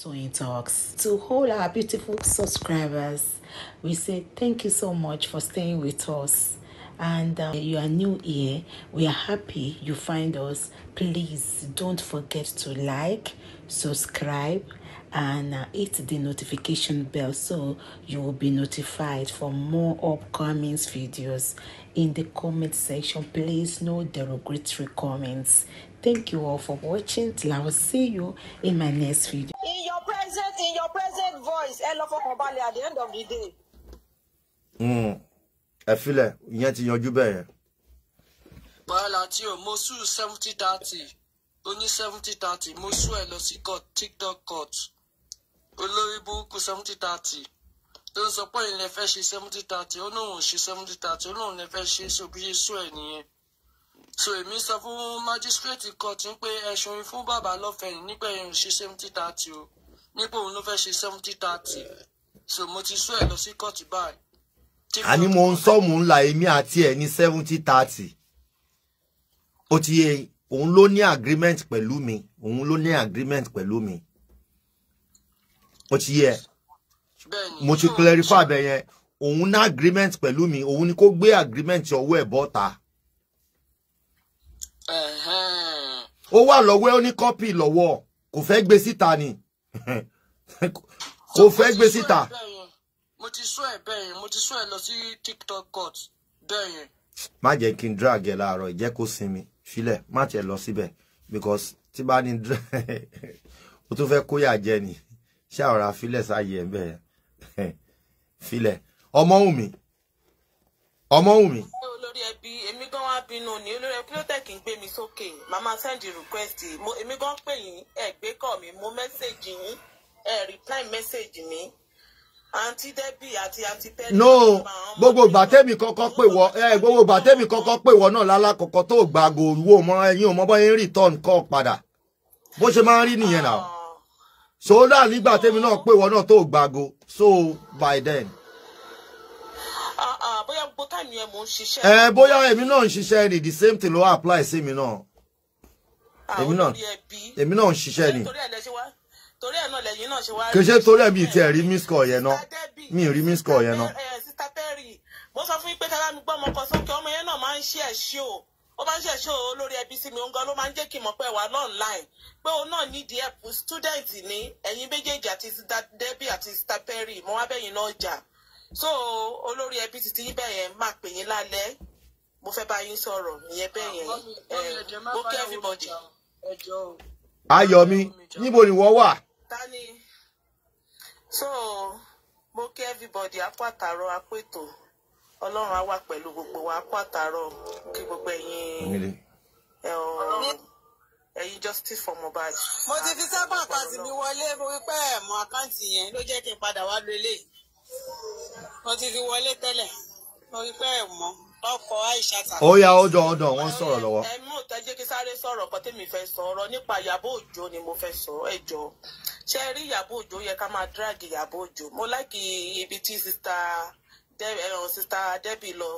Toyeen Talks. To all our beautiful subscribers, we say thank you so much for staying with us. And uh, you are new here. We are happy you find us. Please don't forget to like, subscribe, and uh, hit the notification bell so you will be notified for more upcoming videos in the comment section please no derogatory comments thank you all for watching till i will see you in my next video is ẹ lọ fọkàn at the end of the day. Hmm. ẹ filẹ̀ ìyẹn ti yanjú bẹ́ẹ̀ yẹn. wàhálà tí o mo sùn seventy thirty o seventy thirty mo sùn ẹ lọ sí court tiktok court olórí burúkú seventy thirty tó ń sọ pé ìlẹ̀ fẹ́ ṣe seventy thirty ó lóun ṣe seventy thirty ó lóun lè fẹ́ ṣe é sóbi yé sùn ẹ̀ nìyẹn so èmi sọ fún májísírèètì kan tí ń pé ẹ̀sùn fún bàbá lọ́fẹ̀ẹ́ nígbẹ̀yìn ṣe seventy thirty o nípa òun ló fẹ́ ṣe seventy thirty so mo ti sọ ẹ lọ sí kóòtù báyìí. àní mo ń sọ mò ń la èmi àti ẹ ní seventy thirty ó ti yẹ òun ló ní agreement pẹ̀lú mi òun ló ní agreement pẹ̀lú mi ó ti yẹ mo ti clarify abẹ yẹn òun ní agreement pẹ̀lú mi òun ni kó gbé agreement ọwọ́ ẹ̀ bọ́ta. ó wà lọ́wọ́ ó ní kọ́pì lọ́wọ́ kò fẹ́ gbé síta ni. Uh -huh. kò fẹ́ gbé síta. mo ti sọ ẹ bẹ́ẹ̀ yẹn mo ti sọ ẹ lọ sí tiktok court bẹ́ẹ̀ yẹn. má jẹ́ kí n drag ẹ láàárọ̀ ìjẹ́ kó sinmi filẹ̀ má tiẹ̀ lọ síbẹ̀ because tí bá ní o tún fẹ́ kóyà jẹ ni ṣé àwòrán afilẹ̀ sáyé ẹ̀ bẹ́ẹ̀ filẹ̀ ọmọ wù mí ọmọ wù mí olórí ẹbí èmi gan wá bínú ni olórí ẹbí ló tẹ̀kí ń gbé mi sókè màmá send request mo èmi gan pè yín ẹ gbé kọ mi mo mẹ́sẹ̀gì yín ẹ reply mẹ́sẹ̀gì mi àǹtí dẹ́bì àti àǹtí pẹ́ẹ́lí. no gbogbo ìgbà tẹ́mi kọ́kọ́ pè wọ́ ẹ gbogbo ìgbà tẹ́mi kọ́kọ́ pè wọ́ náà lálákọ̀ọ́kọ́ tó gbàgò wo mọ ẹyin ò mọ bọ́ yín return call padà bó ṣe máa ń rí nìyẹn náà ah. so náà nígbà tẹ́mi náà pè wọ́ náà tó gbàgò so by then bóyá gbogbo táìmù yẹn mò ń ṣiṣẹ́. ẹ eh, bóyá èmi náà ń ṣiṣẹ́ ni the same thing ló apply sí ah, èmi náà èmi náà èmi náà ń ṣiṣẹ́ ni torí ẹ náà lẹ́yìn náà ṣe wá. kì í ṣe torí ẹ mi ti ẹ rí miss call yẹn náà mi rí miss call yẹn náà. sista eh, terry mo sọ fún yín pé tí alámi gbọ́ ọmọ kan sókè ọmọ yẹn náà máa ń ṣe ẹ̀ṣẹ́ o ó máa ń ṣe ẹ̀ṣẹ́ o lórí ẹbí sí mi òun gan ló máa ń jẹ́ kí n mọ̀ pé wà online pé òun náà ní díẹ̀ student ní ẹ̀yin méjèèjì àti sista debbie àti sista perry mo wá bẹ́yìn náà jà so olórí ẹbí ti ti yín bẹ́ẹ̀ yẹn máa pè yín lálẹ́ mo fẹ́ bá yín sọ̀rọ̀ ìyẹn bẹ́ẹ̀ yẹn mo kẹ́ everybody. ayọ̀mi níbo ni wọ́n wà. tani so mo kẹ́ everybody akó àtàrọ akó ètò ọlọ́run á wà pẹ̀lú gbogbo wa akó àtàrọ kí gbogbo ẹ̀yin eh, ẹ̀yin justice for Mohbad. mo ti fi sábà àkáǹtì mi wọlé mo wí pé ẹ̀ mọ àkáǹtì yẹn ló jẹ́ kí n padà wá lọ eléyìí mo ti fi wọlé tẹ́lẹ̀ mo rí pé ẹ̀ mọ́ ọkọ̀ Aisha tàbí. ó yá ọjọ́ ọdọ̀ wọ́n sọ̀rọ̀ lọ́wọ́. ẹ mú òtẹ́ kí sáré sọ̀rọ̀ kan tèmi fẹ́ sọ̀rọ̀ nípa Ìyábọ̀ Òjó ni mo fẹ́ sọ ẹ jọ ṣe rí Ìyábọ̀ Òjó yẹ ká máa drag Ìyábọ̀ Òjó mo láìkì ibi tí sista ẹran eh, oh, sista Debbie lọ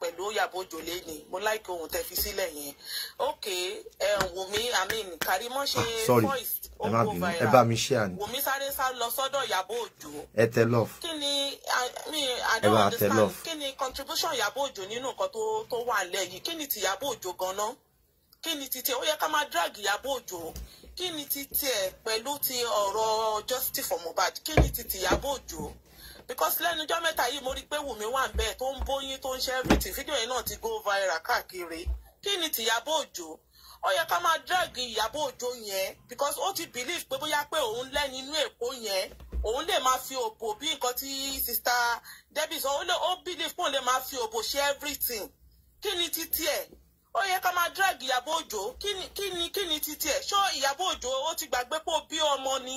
pẹ̀lú Ìyábọ̀ Òjó lẹ́ni mo láìkí ohun tẹ́ fi sílẹ̀ yẹn ok Wùmí amin Karimo ah, ṣe voice ogo viral Wùmí sáré sá lọ sọ́dọ̀ Ìyábọ̀ Òjó ẹ tẹ love mi i don't understand kí ni contribution Ìyábọ̀ Òjó nínú nǹkan tó wà lẹ́yìn kí ni ti Ìyábọ̀ Òjó gan-an ti tiẹ̀ ó yẹ ká máa drag Ìyábọ̀ Òjó kí ti tiẹ̀ pẹ̀lú ti ọ̀rọ̀ justice for Mohbad kí ti ti Ìyábọ̀ Òjó because lẹ́nu ọjọ́ mẹ́ta yìí mo rí i pé Wùmí wà ń bẹ́ẹ̀ tó ń bóyín tó ń ṣe everything fídíò yẹn náà ti go viral káàkiri kí ni tìyàbọ̀ òjò ó yẹ ká máa drag Ìyábọ̀ Òjó yẹn because ó ti believe pé bóyá pé òun lẹ́ni inú Èkó yẹn òun lè máa fi òbò bí nǹkan tí sista Debbie sọ ó believe pé òun lè máa fi òbò ṣe everything kí ni títí ẹ̀ ó yẹ ká máa drag Ìyábọ̀ Òjó kí ni kí ni kí ni títí ẹ̀ ṣó Ìyábọ̀ Òjó ó ti gbàgbé pé ó bí ọmọ ni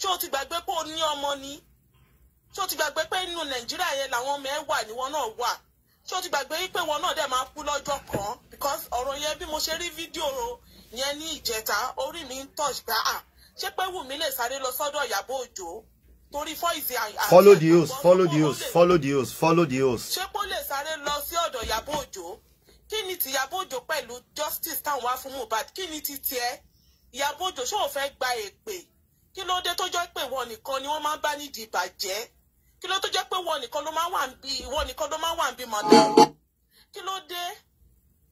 ṣó ti gbàgbé pé ó ní ọmọ ni ṣé o ti gbàgbé pé nínú nàìjíríà yẹn làwọn ọmọ ẹ wà níwọ náà wà ṣé o ti gbàgbé pé wọn náà dẹ̀ máa kú lọ́jọ́ kan because ọ̀rọ̀ yẹn bí mo ṣe rí fídíò yẹn ní ìjẹta orí mi ń tọ̀ gbà á ṣé pé Wùmí lè sáré lọ sọ́dọ̀ Ìyábọ̀ Òjó torí fọ́ìsì àyà. follow the host follow the host follow the host follow the host. ṣé kó lè sáré lọ sí ọ̀dọ̀ Ìyábọ̀ Òjó kí ni ti Ìyábọ̀ Òjó pẹ̀lú justice táwọn wá fún Mohbad kí ni ti tiẹ̀ Ìyábọ̀ Òjó ṣé o fẹ́ gba èpè kí ló dé tó jọ pé wọn nìkan ni wọ́n máa ń bá nídìí ìbàjẹ́ kí ló tó jẹ́ pé wọn nìkan ló máa wà bí ìwọ nìkan ló máa wà bí mọ̀dà kí ló dé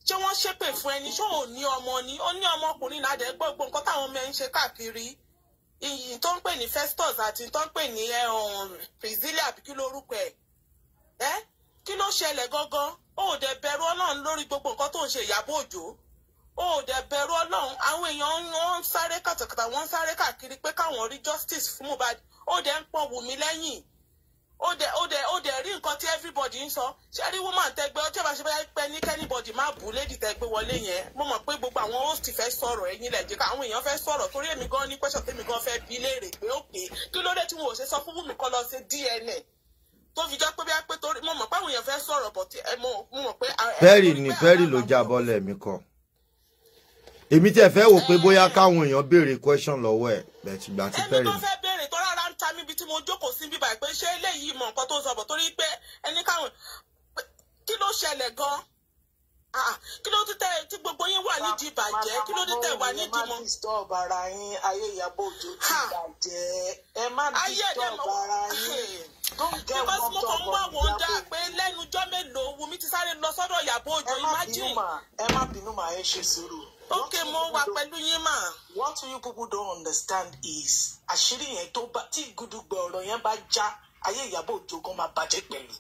ṣé wọ́n ṣépè fún ẹni ṣé ò ní ọmọ ni ó ní ọmọkùnrin náà dẹ̀ gbogbo nǹkan táwọn ọmọ ẹ̀ ń ṣe káàkiri iyì tó ń pè ní Festus àti tó ń pè ní um, priscilla àbí kí ló orúkọ ẹ̀ ẹ́ kí ló ṣẹlẹ̀ gangan ó dẹ̀ bẹ̀rù ọlọ́run lórí gbogbo nǹkan tó ń ṣe Ìyábọ̀ Òjó ó dẹ̀ bẹ̀rù ọlọ́run àwọn èèyàn wọ́n ń sáré kàtàkàtà wọ́n ń sáré káàkiri pé káwọn rí justice fún Mohbad ó dẹ̀ ń pọn Wùmí lẹ́yìn ó dẹ̀ ó dẹ̀ ó dẹ̀ rí nǹkan tí everybody ń sọ ṣé rí woman tẹgbẹ́ ọjọ́ bá ṣe bá pẹ́ ní kẹ́nìbọ̀dì má bù lady tẹgbẹ́ wọlé yẹn mo mọ̀ pé gbogbo àwọn host fẹ́ sọ̀rọ̀ ẹ̀yin lẹ́jẹ̀ ká èèyàn fẹ́ sọ̀rọ̀ torí èmi gan ní pẹ́sọ̀ tèmi gan fẹ́ bi léèrè pé ó pè é kí ló tí wọn ò ṣe sọ fún wùmí kọ́ lọ ṣe DNA tó fi jẹ́ pé bí pé torí mo mọ̀ pé àwọn èèyàn fẹ́ sọ̀rọ̀ bọ̀ tí mo mọ̀ pé. bẹ́ẹ̀rì ni bẹ́ẹ̀rì ló jábọ́ lẹ́ẹ̀mí kan èmi tẹ̀ fẹ́ wò pé bóyá káwọn èèyàn béèrè question ta níbi tí mo jókòó sí bíbá pé ṣé eléyìí mọ nǹkan tó ń sọ̀bọ̀ torí pé ẹni káwọn kí ló ṣẹlẹ̀ gan-an ah, ah, kí ló dé tẹ tí gbogbo yín wà nídìí ìbàjẹ́ kí ló dé tẹ wà nídìí mọ́. ayé Ìyábọ̀ Òjó ti ẹ má disturb ara yín. because mo kàn ń wá wọn dá pé lẹ́nu ọjọ́ mélòó ti sáré lọ sọ́dọ̀ Ìyábọ̀ Òjó imagine. ẹ má bínú mà ẹ má bínú mà ẹ ṣe sùúrù okay mo wà pẹ̀lú yín mà. what you people don't understand is àṣírí yẹn tó bá tí gudugbẹ ọ̀rọ̀ yẹn bá já ayé Ìyábọ̀ Òjó gan máa bàjẹ́ pẹ̀lú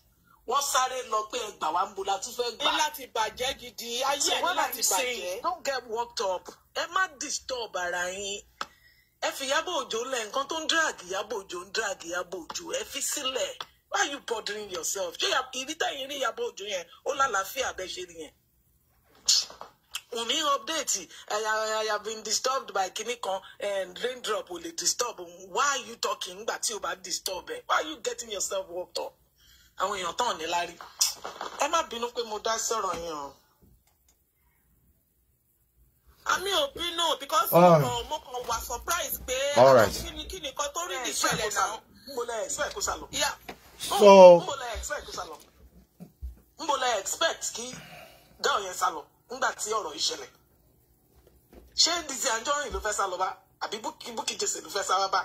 wọ́n sáré lọ pé ẹgbà wa ń bo la tún fẹ́ gbà. ní láti bàjẹ́ gidi ayé ẹ̀ láti bàjẹ́. don't get worked up ẹ má disturb ara yín ẹ fi Ìyábọ̀ Òjó lẹ̀ nǹkan tó ń drag Ìyábọ̀ Òjó ń drag Ìyábọ̀ Òjó ẹ fi sílẹ̀ why you bothering yourself ṣé ìrítà yín rí Ìyábọ̀ Òjó yẹn ó lálàáfíà bẹ́ẹ̀ ṣe nìyẹn. update I, I, I have been disturbed by Kinikon and raindrop will lè disturb why are you talking about you about disturbing? disturb why are you getting yourself worked up I want you ní lárí ẹ I bínú pé mo dá sọ̀rọ̀ yẹn o. àmì ò because I was surprised. All right. pé So. expect kí gáà nígbà tí ọ̀rọ̀ yìí ṣẹlẹ̀ ṣé Lizzy Anjorin ló fẹ́ sá lọ bá àbí Bukky Jesse ló fẹ́ sá wá bá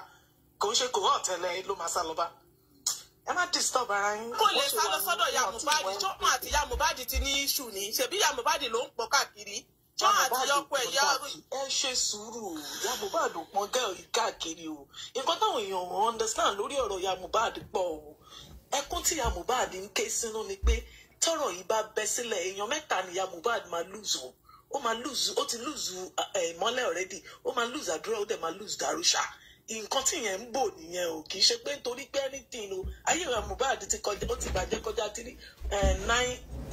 kò ń ṣe kò hàn tẹ́lẹ̀ ló máa sá lọ bá ẹ má disturb ara yín. kó lè sá lọ sọ́dọ̀ ya Mohbad àti ya ti ní iṣu ni ṣebí ya ló ń pọ̀ káàkiri ẹ ṣe sùúrù ya Mohbad pọn gẹ́ẹ̀ káàkiri o nǹkan táwọn èèyàn ò understand lórí ọ̀rọ̀ ya Mohbad o ẹkún tí ya ń ké sínú ni pé tọ́rọ̀ yìí bá bẹ́ sílẹ̀ èèyàn mẹ́ta nìyá Mohbad máa lùzù ó máa lùzù ó ti lùzù eh, ìmọ́lẹ̀ already ó máa lùzù àdúrà ó dẹ̀ máa lùzù dàrúṣà nǹkan tí yẹn ń bò nìyẹn o kì í ṣe pé nítorí pé anything o ayé ìwà Mohbad ti kọjá ó ti bàjẹ́ kọjá three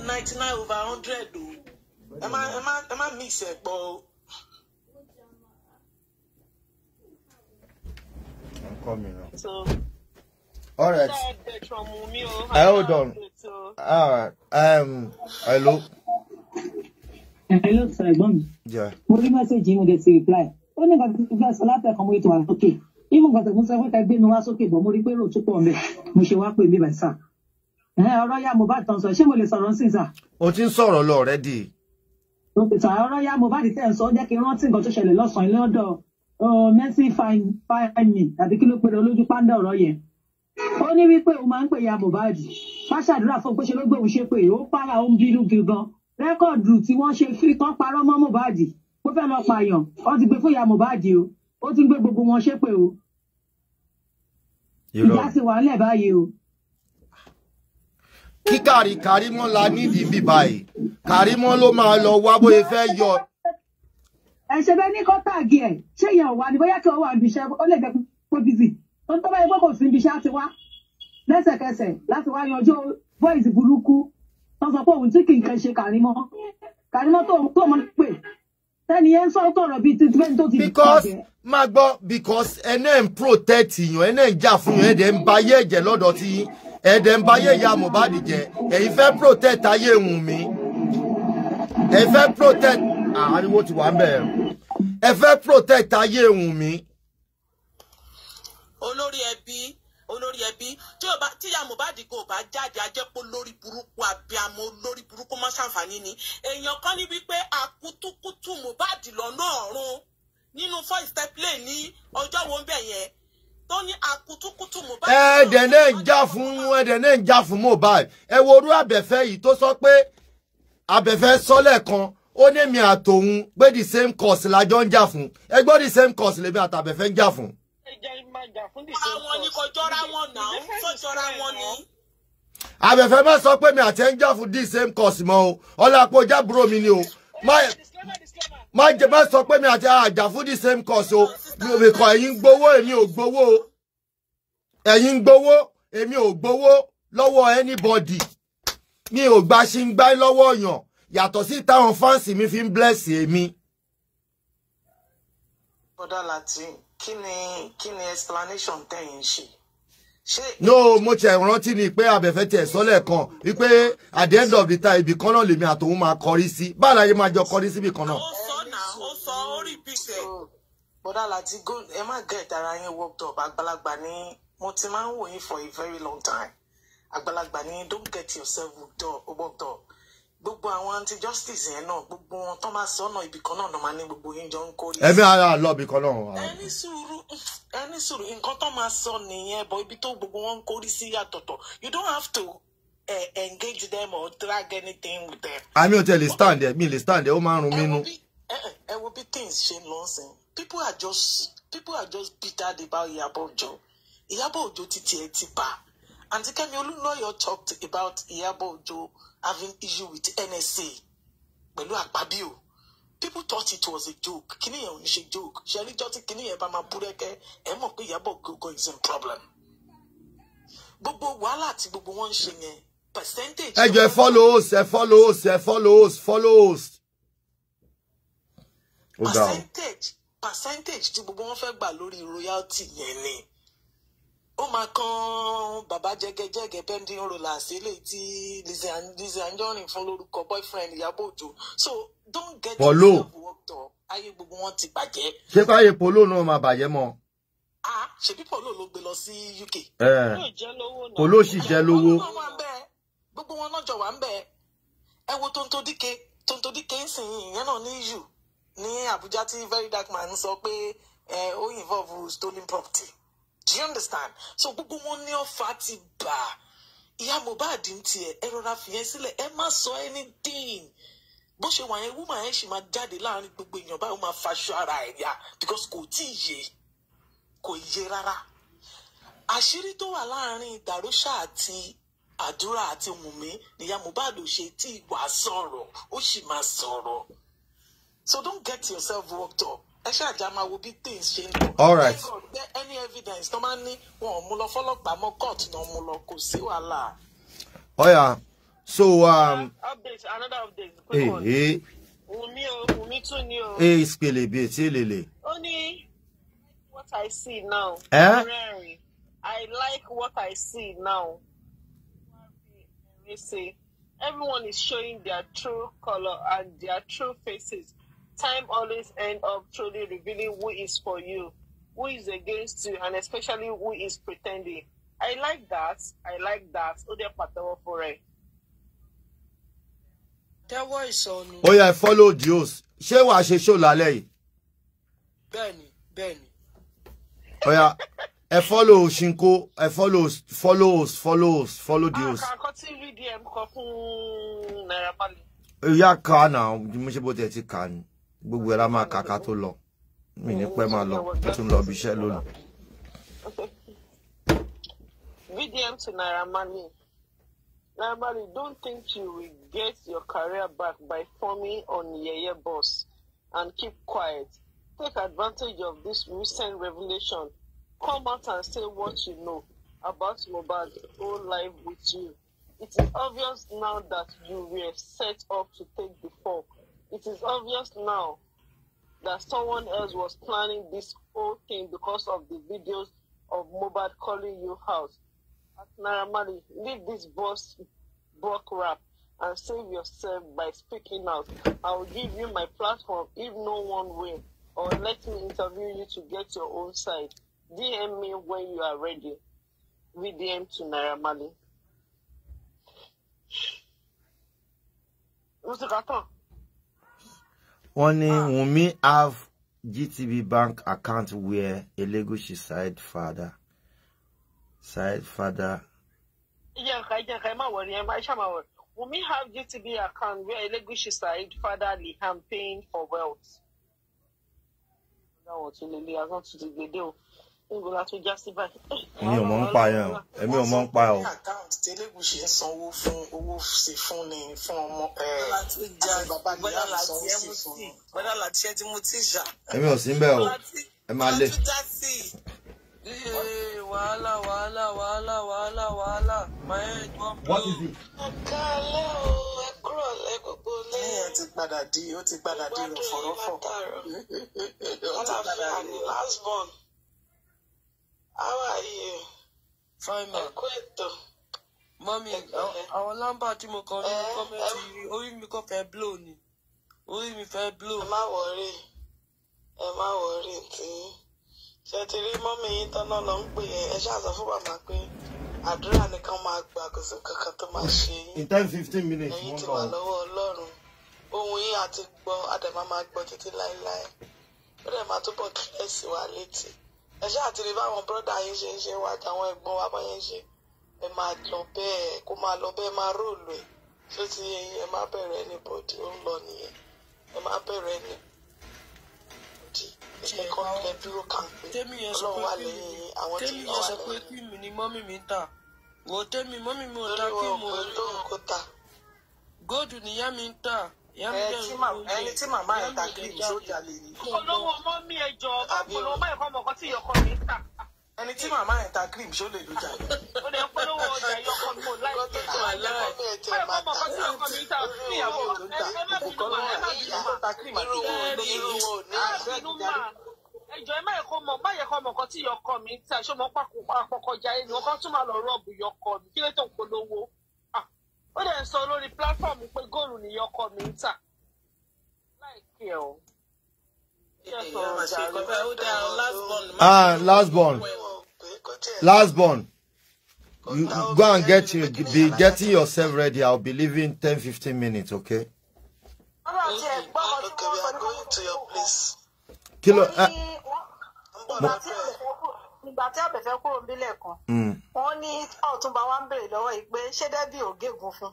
ninety eh, nine over hundred o ẹ má ẹ má ẹ má mí ìsẹ̀pọ̀ o. I'm coming now. So. All right. I hold on. All right. Um. Hello. Hello, sir. Bon. Yeah. Mo rí message yìí mo dẹ̀ sí reply. Ó ní nǹkan tó gbà sọ láti ẹ̀kọ́ mo ètò wa lókè. Ìmọ̀ nǹkan tó ń sọ pé ká gbé mi wá sókè bọ̀ mo rí pé rò tó pọ̀ mẹ́. Mo ṣe wá pè mí bàí sà. Ọ̀rọ̀ ya Mohbad tán sọ, ṣé mo lè sọ̀rọ̀ sí sà? O ti ń sọ̀rọ̀ lọ already. Òpèsè ọ̀rọ̀ ya Mohbad tẹ̀ ń sọ, jẹ́ kí n rántí nǹkan tó ṣẹlẹ̀ lọ́sàn-án lọ́dọ̀ oh, Mercy Fine Fine Me tàbí kí ló pe olójú pàǹdà ọ̀rọ̀ yẹn ó ní wípé òun máa ń pè ya Mohbad wá fún pé ṣe ló gbé òun ṣe pé ó para òun bínú gan rẹkọọdù tí wọ́n ṣe fi tán parọ́ mọ́ Mohbad pé fẹ́ẹ́ lọ pààyàn ó ti gbé fún ya Mohbad o ó ti gbé gbogbo wọn ṣe pé o ìjà sì wà nílẹ̀ báyìí o. kí kàrí Karimo la nídìí bí báyìí Karimo ló máa lọ wá bóyá fẹ́ yọ. ẹ ṣe bẹ́ẹ̀ ní kọ́tàgì ẹ̀ ṣé ìyẹn ò wá bóyá kí wọ́n wà níbi iṣẹ́ ó lè jẹ́ pé bízì wọn tó kò sí ibi àti wá lẹ́sẹ̀kẹsẹ̀ láti wá yanjú voice burúkú wọn sọ pé òun tí kì í ṣe kàrímọ́ kàrímọ́ tó tó mọ́ pè tẹ́ni yẹn sọ tọ̀rọ̀ bíi ti tẹ́ni tó ti dìbò because máa gbọ́ because ẹnẹ́ ń protect yàn ẹnẹ́ ń jà fún yàn ẹ̀dẹ̀ ń ba ayé ẹ̀jẹ̀ lọ́dọ̀ tí ẹ̀dẹ̀ ń ba ayé ìyá Mohbad jẹ́ ẹ̀yin fẹ́ protect ayé Wùnmí ẹ fẹ́ protect àríwó ti wà ń bẹ̀rẹ̀ ẹ fẹ́ protect ayé Wùnmí olórí ẹbí olórí ẹbí tí yóò bá ya Mohbad kò bá jáde ajẹ́pọ̀ lórí burúkú abiyamọ lórí burúkú mọ́ sàǹfààní ni èèyàn kan ní wípé àkútúkútù Mohbad lọ́nà ọ̀run nínú first step play ní ọjọ́ wo ń bẹ̀ yẹn tó ní àkútúkútù Mohbad. ẹ̀ẹ́dẹ̀ náà ń já fún ẹ̀ẹ́dẹ̀ náà ń já fún Mohbad ẹ wo orú àbẹ̀fẹ́ yìí tó sọ pé àbẹ̀fẹ́ sọ́lẹ̀ kan ó ní mi àtòun pé the same course la jọ ń jà fún ẹ gbọ́ the same course lèmi àtàbẹ̀fẹ́ ń jà fún àwọn ni kò jọra wọn náà kò jọra wọn ni. àbẹ̀fẹ́ má sọ pé mi àti ẹ̀ ń jà fún the same course, mọ́ o ọlọ́pàá ojà búrò mi ni o má jẹ má sọ pé mi àti àjà fún the same course, o mi ò kọ ẹ̀yin gbowó èmi ò gbowó o ẹ̀yin gbowó èmi ò gbowó lọ́wọ́ anybody mi ò gba ṣe ń gbá lọ́wọ́ yàn yàtọ̀ sí táwọn fáǹsì mi fi ń bless èmi. bọ́dà latin kí ni kí ni explanation tẹ̀yìn ṣe. no mo ṣe rántí ni pé abẹ́fẹ́ tiẹ̀ sọ́lẹ̀ kan wípé at the end of the time ibì kan náà lèmi àtòun máa kọrí sí báàlà yìí máa jọ kọrí síbì kan náà. ó sọ náà ó sọ ó rí bìtẹ̀. bọ́dà láti gold ẹ má gẹ̀ ìtara yín worked up àgbàlagbà ni mo ti máa ń wò for a very long time àgbàlagbà ni don't get yourself worked up gbogbo àwọn anti justice yẹn náà gbogbo wọn tán máa sọnà ibì kan náà máa ní gbogbo yín jọ ń kórè. ẹbí ara lọ ibì kan náà. ẹni sùúrù ẹni sùúrù nǹkan tán máa sọ nìyẹn bọ ibi tó gbogbo wọn ń kórè sí yàtọ̀tọ̀ you don't have to uh, engage them or drag anything with them. àmì ò tẹ̀ lè stand there, mi lè stand there. ó máa ń run mí nú. Eh, eh, ẹ wo bí things ṣe lọ sẹ́yìn people are just people are just bitter about Ìyábọ̀ Òjó Ìyábọ̀ Òjó títí ẹ ti bá àǹtí Kẹ́mi Olúnlọ́yọ̀ talked about Ìyábọ̀ Òjó having issue with NSA pẹ̀lú àpábíò people thought it was a joke kíní yẹn ò ní ṣe joke ṣe ẹríjọ́ tí kíní yẹn bá máa búrẹ́kẹ́ ẹ mọ̀ pé Ìyábọ̀ Ògo is in problem gbogbo wàhálà àti gbogbo wọn ń ṣe yẹn percentage. ẹ jẹ́ follow host ẹ follow host ẹ follow host follow host. percentage percentage tí gbogbo wọn fẹ́ gbà lórí royalty yẹn ni ó máa kan bàbá jẹgẹjẹgẹ pending roller sílé tí Lizzy Anjorin fún lórúkọ boyfriend Ìyábọ̀ Òjó so don't get polo. yourself worked up ayé gbogbo wọn ti bàjẹ́. ṣé káyé polo náà máa bàjẹ́ mọ́. ah ṣebí polo ló gbé lọ sí UK. polo sì jẹ́ lówó. gbogbo wọn náà jọ wà ń bẹ ẹ wo Tonto Dike ń sìn ìyẹn náà ní EU ní Abuja tí Very Dark Man sọ pé ó involve stolen property do you understand so gbogbo wọn ní ọfà ti bà ìyá Mohbad ń tiẹ̀ ẹ rọra fìyẹn sílẹ̀ ẹ má sọ anything bó ṣe wà yẹn woman yẹn ṣì máa jáde láàrin gbogbo èèyàn báyìí ó máa faṣọ ara ẹ̀ yá because kò tí ì yé kò yé rárá àṣírí tó wà láàrin Darosha àti àdúrà àti wùnmí nìyá Mohbad ò ṣe tí ì wá sọ̀rọ̀ ó sì máa sọ̀rọ̀ so don't get yourself worked up ẹ ṣáà já máa wo bí things ṣe ń lọ. all right evidence tó máa ń ní wọn ò mú lọ fọlọ́pàá mọ́ court náà mú lọ kò sí wàhálà. ọ̀yà so. Um, ah, update another update quick hey, one. Hey. Wùmí o Wùmí tún ni o. ee ìsìkèlè bíi etí èlèlè. ó ní what I see now. ẹ́ eh? I like what I see now. Everyone is showing their true color and their true faces. Time always end up truly revealing who is for you who is against you, and especially who is pretending. I like that. I like that. Ó dẹ̀ pàtẹ́wọ́ fún rẹ̀. Tẹ́wọ́ ìsọnù. follow Dios. Ṣé wàá ṣe ṣó lálẹ́ yìí? Bẹ́ẹ̀ni, bẹ́ẹ̀ni. Ó ẹ follow Shinko, ẹ follow follow follow follow Dios. Ah, Àkàkọ́ tí rí DM kan fún Naira pali. Ìyá kan náà, mo ṣe bó tiẹ̀ ti kà ní gbogbo ẹ̀rá máa kàkà tó lọ mi ní pẹ́ máa lọ ó tún lọ ibiṣẹ́ lónìí. VDM to Naira Marley. Naira Marley, don't think you will get your career back by forming on Yeye Boss and keep quiet. Take advantage of this recent revelation. Come out and say what you know about Mohbad whole life with you. It is obvious now that you were set up to take the fall. It is obvious now that someone else was planning this whole thing because of the videos of Mobad calling you house. At Naramali, leave this boss buck rap and save yourself by speaking out. I will give you my platform if no one will, or let me interview you to get your own side. DM me when you are ready. We DM to Naramali. Mr. Carton. wọ́n ní ah. Wunmi have GTB bank account where Elegushi side father side father. ìjànkà ìjànkà ẹ má wọrí ẹ má ẹ ṣáà má wọrí Wunmi have GTB account where Elegushi side father Liam paying for wealth. ọ̀gá wọ̀tún lè lè àgọ́ tún ti gbèdé o níbo la tó eh, mi ò mọ̀ ń pa yẹn èmi ò mọ̀ ń pa o. tẹlẹgùsì ń sanwó fún owó sí fún ni fún ọmọ ẹ eh, àti bàbá mi láti sanwó sí fún un. bọ́dà láti ṣe tí mo ti ṣá. èmi ò sí ń bẹ̀ o ẹ máa lé. Eh, wàhálà wàhálà wàhálà wàhálà wàhálà máa ń gbọ́ mi. ọ̀gá alẹ́ o ẹ kúrò lẹ́gbogbo lé. ẹ ti padà di ó ti padà di ìfọ̀rọ̀fọ̀. ó ti padà di last How are you? Fine ma. Ẹ̀kú ètò. Mọ́mí, àwọn lámbà tí mo kàn nínú kọ́mẹ́ntì yìí, orí mi kàn fẹ́ blow ni. Orí mi fẹ́ blow. Ẹ má wọrí. Ẹ má wọrí tí. Ṣé ti rí mọ́mí yín tọ́nà lọ ń pè é? Ẹ ṣáà sọ fún bàbá pé àdúrà nìkan máa gbà kò sí kankan tó máa ṣe yín. In ten fifteen minutes, wọ́n lọ. Ẹ̀yin ti wà lọ́wọ́ Ọlọ́run. Ohun yín àti gbọ́, Adàmá máa gbọ́ títí láéláé. Ó dẹ̀ máa túbọ̀ kílẹ̀ sí wa létí ẹ ṣáà ti rí báwọn bọ́dà yín ṣe ń ṣe wá àtàwọn ẹ̀gbọ́n wa bá yẹn ṣe ẹ máa lọ bẹ́ẹ̀ kó máa lọ bẹ́ẹ̀ máa róòlù ẹ̀ tó ti yẹ yín ẹ má bẹ̀rẹ̀ ẹni bọ́dì ó ń lọ nìyẹn ẹ má bẹ̀rẹ̀ ẹni bọ́dì ẹ kọ́ ẹ dúró kàǹpé ọlọ́run wà lẹ́yìn yín àwọn tí wọ́n wà lẹ́yìn. tẹ́mi yẹn sọ pé kí mi ni mọ́mì mi ta wò tẹ́mi mọ́mì mi ò ta kí mo rí góòdù nìyá mi ń ta ẹni tí màmá ẹ̀ ta kírìmù sójà lè ní. olówó ọmọ mi ẹjọ ọpọlọ ọmọ ẹkọ ọmọ kan tí ìyọkọ mi ń tà. ẹni tí màmá ẹ̀ ta kírìmù só lè lójà lè. ó lè polówó ọjà ìyọkọ mi ò láì pé ọmọ ọmọ kan tí ìyọkọ mi ń tà níyàwó ọ̀dọ́ ẹjọ ẹ má yẹ kọ mọ má yẹ kọ mọ nǹkan tí ìyọkọ mi ń tà ṣé mo pàkókò àpọkọjà ẹni wọn kan tún máa lọ rọọbù ìyọkọ mi kí ló ń polówó ó dẹ̀ sọ lórí platform pé góòlù ni ọkọ mi ń tà láìpẹ́ o. Ah, last born. Ah, last born. You go and get you be getting yourself ready. I'll be leaving 10 15 minutes, okay? Kilo, uh, ìgbà tí àbẹ̀fẹ́ kúrò níbílẹ̀ kan hmm. wọ́n ní ọ̀túnba wa ń béèrè lọ́wọ́ yìí pé ṣé dẹ́bì ò gégùn fún.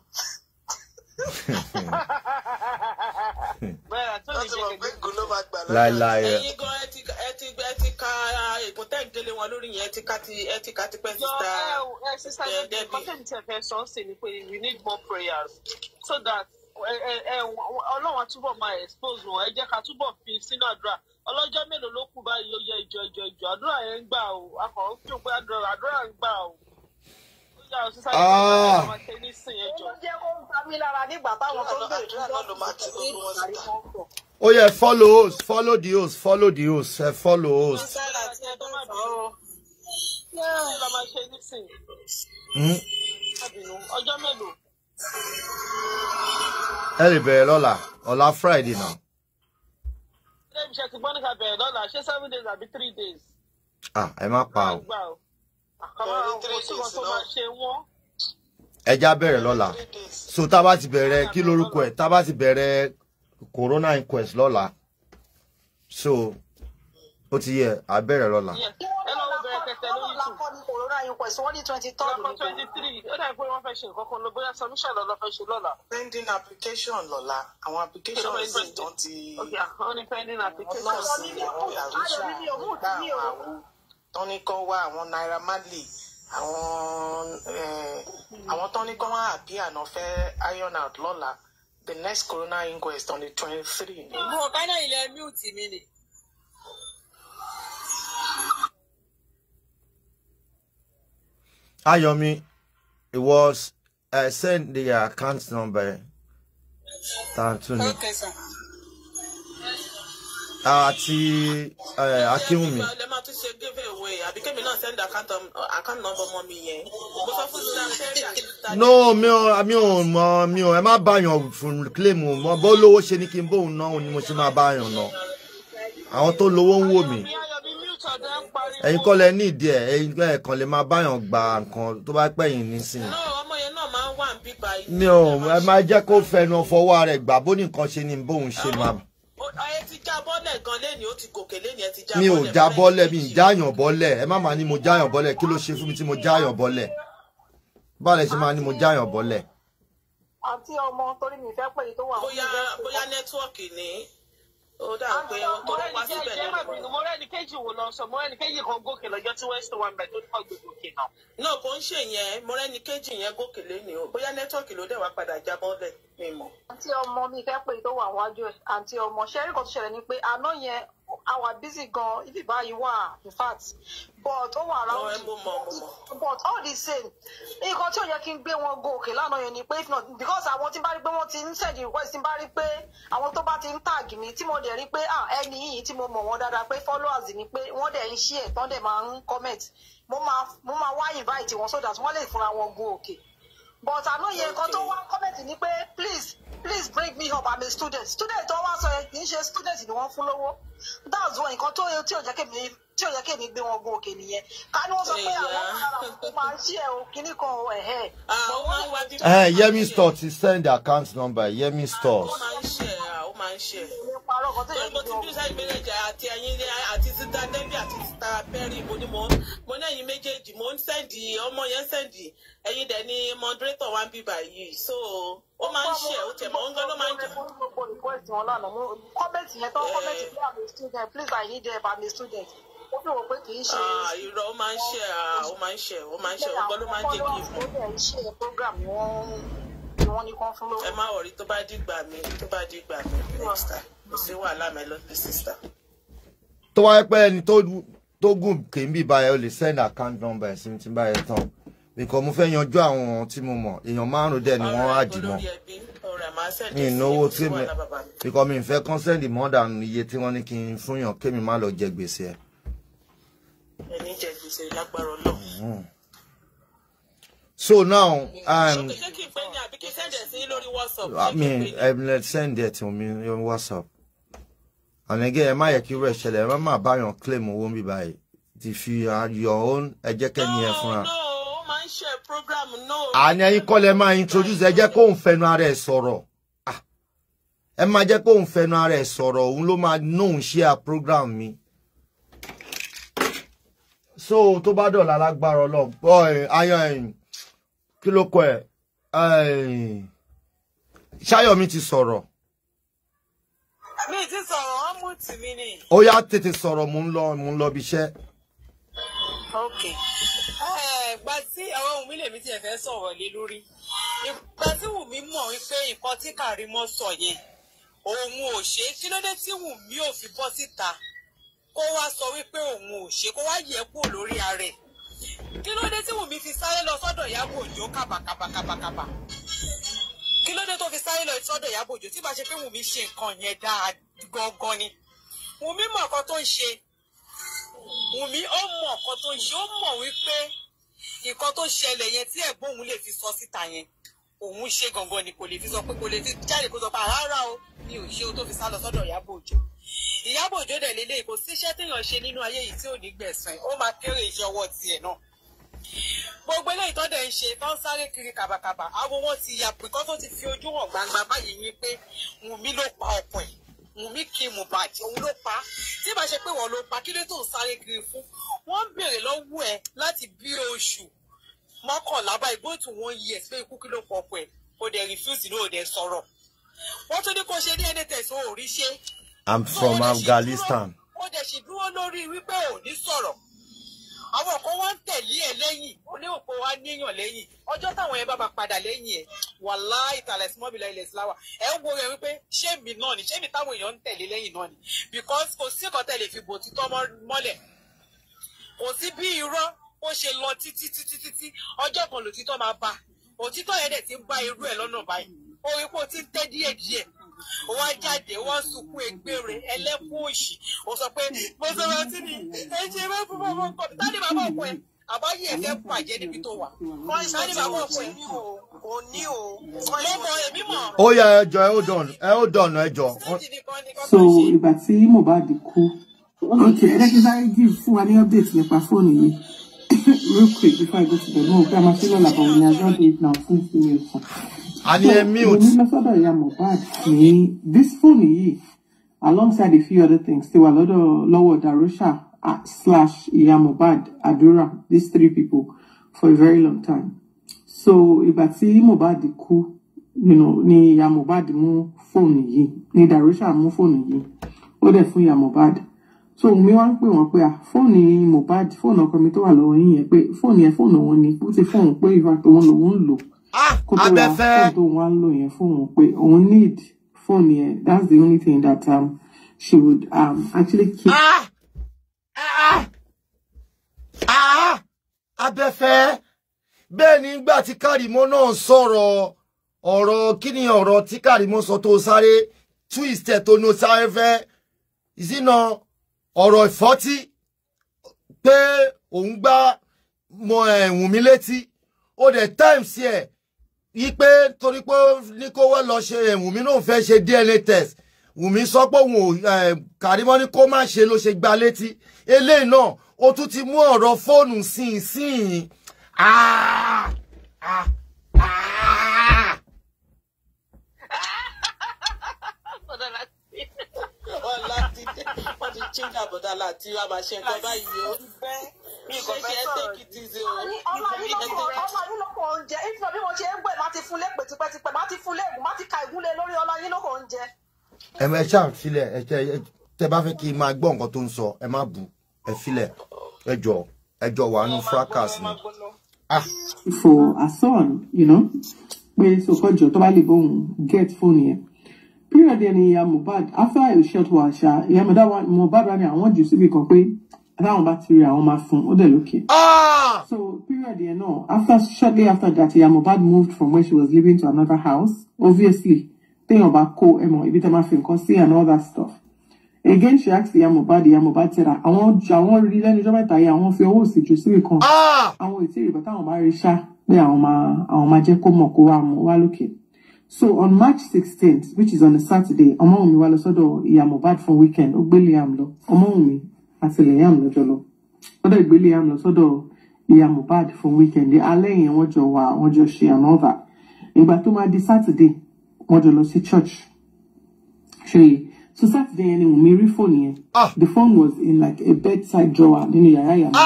láìláì ẹ. ẹ̀yin gan ẹ ti ẹ ti ka ègún tẹ́ǹgélé wọn lórí yẹn ẹ ti ka ti ẹ ti ka ti pẹ́ sísá dẹ́bì. kọ́tẹ́ǹtì sọ ọ́ sì ni pé we need more prayers so that eh, eh, eh, ọlọ́wọ́n túbọ̀ máa expose wọn ẹ jẹ́ ká túbọ̀ fi sínú àdúrà ọlọ́jọ́ mélòó ló kù báyìí ó yẹ ìjọ ìjọ ìjọ àdúrà yẹn ń gbà o akọ̀ ń fi òpin àdúrà àdúrà ń gbà o ó yà ah. follow host follow the host follow the host ẹ follow host. Hmm? ọjọ́ mélòó. ẹ Friday now ṣe ti gbọ́n ní bẹ̀rẹ̀ lọ́la ṣé seven days àbí three days. ah ẹ má pa o. ẹja bẹ̀rẹ̀ lọ́la so tá a bá ti bẹ̀rẹ̀ kí lórúkọ ẹ̀ tá a bá ti bẹ̀rẹ̀ corona inquest lọ́la so ó ti yẹ a lọ́la. ẹ lọ you question wọ́n ní twenty third ló twenty three ó dàbí pé wọ́n fẹ́ ṣe nǹkan kan lọ bóyá submission lọ́la fẹ́ ṣe lọ́la. pending application lọ́la àwọn application ṣì tán ti. ok ah, àwọn ní pending application. wọ́n náà sì àwọn àrùsà nígbà àwọn tán ní kọ́ wá àwọn Naira Marley àwọn eh, àwọn tán ní kọ́ wá àbí àná fẹ́ iron out lọ́la the next coroner inquest on the twenty three. mo kánà ilẹ̀ mute mi ni. Ayomi, it was uh, send the account number. Thank you. Okay, sir. Àti uh, Akínwùmí. Ẹ máa tún ṣe giveaway àbí kémi náà send account account number mọ́ mi yẹn. Mo sọ fún Sina Sẹ́yà. No mi ò mi ò mọ mi ò ẹ claim o mọ bó lówó ṣe ni no, n bóun not ni mo ṣe máa báyàn náà. Àwọn tó ẹ̀yin kọ́ lẹ ní ìdí ẹ̀ ẹ̀yin kan lè máa báyàn gba nǹkan tó bá pẹ̀yìn nísìnyí. ọmọ yẹn náà máa ń wà níbí báyìí. mi ò ẹ máa jẹ́ kó fẹnu fọwọ́ rẹ̀ gbà bó ní ṣe ni bóun ṣe máa. ẹ ti já bọ́lẹ̀ gan lẹ́ni ó ti gòkè lẹ́ni ẹ ti já bọ́lẹ̀. mi ò já bọ́lẹ̀ mi ì jáyàn bọ́lẹ̀ ẹ má máa ní mo jáyàn bọ́lẹ̀ kí ló ṣe fún mi tí mo jáyàn bọ́lẹ̀ báàlẹ̀ ṣe máa ní mo jáyàn bọ́lẹ̀. àti ọmọ torí mi fẹ́ pẹ̀lú tó wà ó dà pé ó tó wá síbẹ̀ lónìí. mo rẹ́ni kejì wo lọ sọ mo rẹ́ni kejì kan gòkè lọ́jọ́ tí west one bẹ̀ tó ní ọgbẹ́ gòkè náà. náà kò ń ṣe yẹn mo rẹ́ni kejì yẹn gòkè lẹ́nu o bóyá nẹ́tọ́ọ̀kì ló dẹ̀ wá padà jábọ́lẹ̀ mi mọ̀. àǹtí ọmọ mi fẹ́ pé tó wà wájú ẹ̀ àǹtí ọmọ ṣẹ́rí tó ṣẹlẹ̀ ni pé àná yẹn Our busy If you buy you are in fact but ó wà around but all the same nǹkan tí ò yẹ kí n gbé wọn gòkè lánàá yẹn ni pé if not because àwọn tí n bá rí pé wọ́n ti ń send request tí n bá rí pé àwọn tó bá ti ń tag mi tí mo dẹ̀ rí pé ah ẹni yìí tí mo mọ̀ wọ́n dáadáa pé followers ni pé wọ́n dẹ̀ ń share tán dẹ̀ máa ń comment mo máa mo máa wá invite wọn so that wọ́n lè fúnra wọn gòkè. Okay but àmọye nǹkan tó wá comment ni pé please please bring me up i'm a student student tó wá sọ yẹn kì í ṣe student ni wọ́n fún lówó that's why nǹkan tó tí ò jẹ́ kémi tí ò jẹ́ kémi gbé wọn gun òkè nìyẹn ká ní wọ́n sọ pé àwọn ará máa ń ṣe ẹ̀hún kínní kan ẹ̀hẹ́. Ah, ẹ eh, Yemi Stores ti send account number Yemi ah, Stores. ó máa ń ṣe ó ah, máa ń ṣe mo ti bí sáyẹn méjèèjì àti ẹyin àti títa dẹ́bí àti títa pẹ́rì mo ní mo ní ẹ̀yin méjèèjì mo ń sẹ́ndì ọmọ yẹn sẹ́ndì ẹ̀yin dẹ̀ ni moderator wa ń bí báyìí so ó máa ń ṣe ó tẹ̀ mọ́ ń gan máa ń jà. gbogbo yẹn tó comment bí i'm student please i need help i'm a student ó fi wọ́n pé kì í ṣe. irọ́ ó máa ń ṣe ó máa ń ṣe ó máa máa ń jẹ́ kí n mọ̀. ẹ má wọrí tó bá dìgbà mi tó bá dìgbà mi next time kò sí wàhálà mi tó wáyé pé ẹni tó tó gùn kì í bí o lè send account number ẹ̀ sí mi tí n bá yẹ tán nǹkan mo fẹ́ yanjú àwọn tí mo mọ̀ èèyàn márùn dẹ̀ ni wọ́n á dìmọ̀ mi ìnáwó tí mi nǹkan mi fẹ́ consent more than iye tí wọ́n ní kí n fún yàn kémi má lọ jẹ gbèsè ẹ̀. ẹni jẹ gbèsè lágbára Ọlọ́run. Mm-hmm. so now. ṣé kí n pẹ́ ní àbí kí n send ẹ̀ sí lórí WhatsApp. mi ẹ send ẹ̀ tí mi lórí WhatsApp and again ẹ má yẹ kí irú ẹ̀ ṣẹlẹ̀ ẹ má báyàn claim owó ń bí báyìí ti fi your own ẹ jẹ́ kẹ́ni ẹ fúnra. àní ẹ̀yin kọ́ lẹ máa introduce ẹ jẹ́ kó ń fẹnu ara ẹ̀ sọ̀rọ̀ ah, ẹ máa jẹ́ kó ń fẹnu ara ẹ̀ sọ̀rọ̀ òun ló máa nóun ṣe à program mi so tó bá dọ̀la lágbára ọlọ́run ayan kí ló kọ ẹ ṣáyọ̀mí ti sọ̀rọ̀. mi ti sọ ó yá tètè sọ̀rọ̀ mò ń lọ mò ń lọ bí iṣẹ́. ok eh, gba tí àwọn Wùmí lèmi tiẹ̀ fẹ́ sọ̀rọ̀ lé lórí ìgbà tí Wùmí mọ̀ wípé nǹkan tí Kàrímọ́ sọ yẹn òun ò ṣe kí ló dé tí Wùmí ò fi bọ́ síta kó wá sọ wípé òun ò ṣe kó wá yẹ kúrò lórí ara ẹ̀ kí ló dé tí Wùmí fi sáré lọ sọ́dọ̀ Ìyábọ̀ Òjó kàbàkàbàkàbàkàbà kí ló dé tó fi sáré lọ sọ́dọ̀ Ìyábọ̀ Òjó tí bá ṣe pé Wùmí ṣe nǹkan yẹn dáa gangan ni Wùmí mọ̀ nǹkan tó ń ṣe Wùmí ó mọ̀ nǹkan tó ń ṣe ó mọ̀ wípé nǹkan tó ṣẹlẹ̀ yẹn tí ẹ̀gbọ́n òun lè fi sọ síta yẹn òun ṣe gangan ni kò lè fi sọ pé kò lè fi jáde kó sọ pé rárá o mi ò ṣe o tó fi sá lọ sọ́dọ̀ Ìyábọ̀ Òjó Ìyábọ̀ Òjó dẹ̀ lélẹ̀ kò sí iṣẹ́ téèyàn ṣe nínú ayé yìí tí ò ní gbẹ̀san ó máa kéré iṣẹ́ ọwọ́ tiẹ̀ náà gbogbo eléyìí tó dẹ̀ ń ṣe tó ń sáré kiri kàbàkàbà àwọn wọn ti yà pé kó tó ti fi ojú hàn gbangba báyìí yín pé Wùmí ló pa ọkọ ẹ̀ Wùmí kí òun ló pa tí bá ṣe pé wọ́n ló pa kí ló tó ń sáré kiri fún wọ́n ń béèrè lọ́wọ́ ẹ̀ láti bí oṣù mọ́kànlá báyìí go to one year pé ikú ló pọ̀ pẹ̀ o dẹ̀ refuse ní dẹ̀ sọ̀rọ̀ wọ́n tún ní kó ṣe DNA test o ò ṣe. I'm from Afghanistan. o dẹ̀ ṣì dúró lórí wípé ò ní sọ̀rọ̀ àwọn kan wá ń tẹ̀lé ẹ lẹ́yìn oníhòpó wa níyàn lẹ́yìn ọjọ́ táwọn yẹn bá máa padà lẹ́yìn ẹ wàlá ìtàlẹ̀ sí mọ́bìlà ilẹ̀ síláwà ẹ ń wo rẹ wípé ṣé mi náà ni ṣé mi táwọn èèyàn ń tẹ̀lé lẹ́yìn náà ni because kò sí nǹkan tẹ̀lé fi bò títọ́ mọ́lẹ̀ kò sí bí irọ́ ó ṣe lọ títí títí títí ọjọ́ kan lòtítọ́ máa bá òtítọ́ yẹn dẹ̀ ti ń bá irú ẹ̀ lọ́nà báyìí orin kò ti ń tẹ́ díẹ̀díẹ̀ ó wá jáde wọ́n sunkún egbére ẹlẹ́kùn òṣì ó sọ pé mo sọ̀rọ̀ sí ni ẹ ṣe é fún bàbá ọkọ mi tálẹ̀ bàbá ọkọ ẹ̀ àbáyé ẹ̀ fẹ́ bàjẹ́ níbi tó wà tálẹ̀ bàbá ọkọ ẹ̀ kò ní o mo mọ èmi mọ̀. ó yá ẹ jọ ẹ ó dọ̀nù ẹ ó dọ̀nù ẹ jọ. so ìgbà tí Mohbad kú ok ẹ jẹ́ kí sáré give fún wa ní update nípa fóònù yìí real quick before I go to the room pé a máa fi lọ́la bọ̀ ní as well date now fún female fún àní ẹ mute. ìlú phone yìí alongside a few other things there were a lot of lower Darusha slash ìyá Adura these three people for a very long time so if I see kú you know, ni ìyá Mohbad mú fóònù ni Darusha mú phone yìí ó phone fún ìyá Mohbad so mi wá ń phone wọ́n pé phone fóònù Mohbad fóònù ọkọ phone tó wà lọ́wọ́ yín yẹn pé fóònù yẹn fóònù wọn ni phone ti fóònù pé phone tó wọn lòun ń lò Ah, abẹ́fẹ́. kótó wa ń lò yẹn fóun pé òun need phone yẹn that's the only thing that um, she would um, actually keep. Ah! Ah! Ah! abẹ́fẹ́ bẹ́ẹ̀ ni ìgbà tí kárìmọ́ náà sọ̀rọ̀ ọ̀rọ̀ kí ni ọ̀rọ̀ tí kárìmọ́ sọ tó sáré twist ẹ̀ tó ní sáré fẹ́ ìsínà ọ̀rọ̀ ìfọ́tí pé òun gbá mọ ẹ̀wùn eh, mi létí ó dẹ̀ times yẹ yí pé torí pé ní kó wọ́n lọ ṣe Wùmí náà fẹ́ ṣe DNA test Wùmí sọ pé òun ò Kàrímọ́ ní kó má ṣe ló ṣe gba létí eléyìí náà ó tún ti mú ọ̀rọ̀ fóònù sín sín ah ah ah. ọ̀la ti dé wọ́n ti chíńdà bọ̀dá láti wá máa ṣe nǹkan báyìí o mi kò fẹ́ sọ̀rọ̀ yìí ọmọ yìí ló kọ oúnjẹ ìfúnná bí mo ṣe ń gbẹ má ti fún lẹ́pẹ̀ tipẹ́tipẹ́ má ti fún lẹ́gùn má ti ka ìgúnlé lórí ọmọ ló kọ oúnjẹ. ẹ mẹ ṣáà filẹ̀ ẹ tẹ bá fẹ́ kí n máa gbọ́ nǹkan tó ń sọ ẹ má bù ẹ filẹ̀ ẹ jọ ẹ jọ wà nù fracas ni. for ah. her son you know pé sọkọjọ tó bá lè bóun get phone yẹn period ẹni ìyá Mohbad after i shot wa ṣá ìyá Mohbad wa ni àwọn jù síbi kan pé táwọn bá àwọn máa fún ó dẹ̀ lókè. Ah! so period yẹn náà after shortly after that ìyá Mohbad moved from where she was living to another house obviously téèyàn bá kó ẹmọ ibi tá máa fi nǹkan sí and all that stuff. again she asked ìyá Mohbad ìyá Mohbad tẹ̀ra àwọn àwọn rí lẹ́nu ìjọba ìta yìí àwọn fi owó òsì jù síbi kan. Ah! àwọn ètí ìrìbọ̀ táwọn bá rí ṣá pé àwọn máa àwọn máa jẹ́ kó mọ̀ kó wá mọ̀ wá lókè. so on March 16th, which is on a Saturday ọmọ òun mi wá lọ sọ́dọ̀ ìyá Mohbad fún weekend ó gbé Liam lọ ọmọ òun àti liam lọ́jọ́ lọ lọ́dọ̀ ìgbé liam lọ sọ́dọ̀ ìyá Mohbad fún wíkẹ̀ndì alẹ́ yẹn wọ́n jọ wà wọ́n jọ ṣe ànọ́và ìgbà tó máa di sátidé wọ́n jọ lọ sí church ṣe so sátidé yẹn ni wùmí rí fóònù yẹn ah! the phone was in like a bedside drawer nínú yàrá yàrá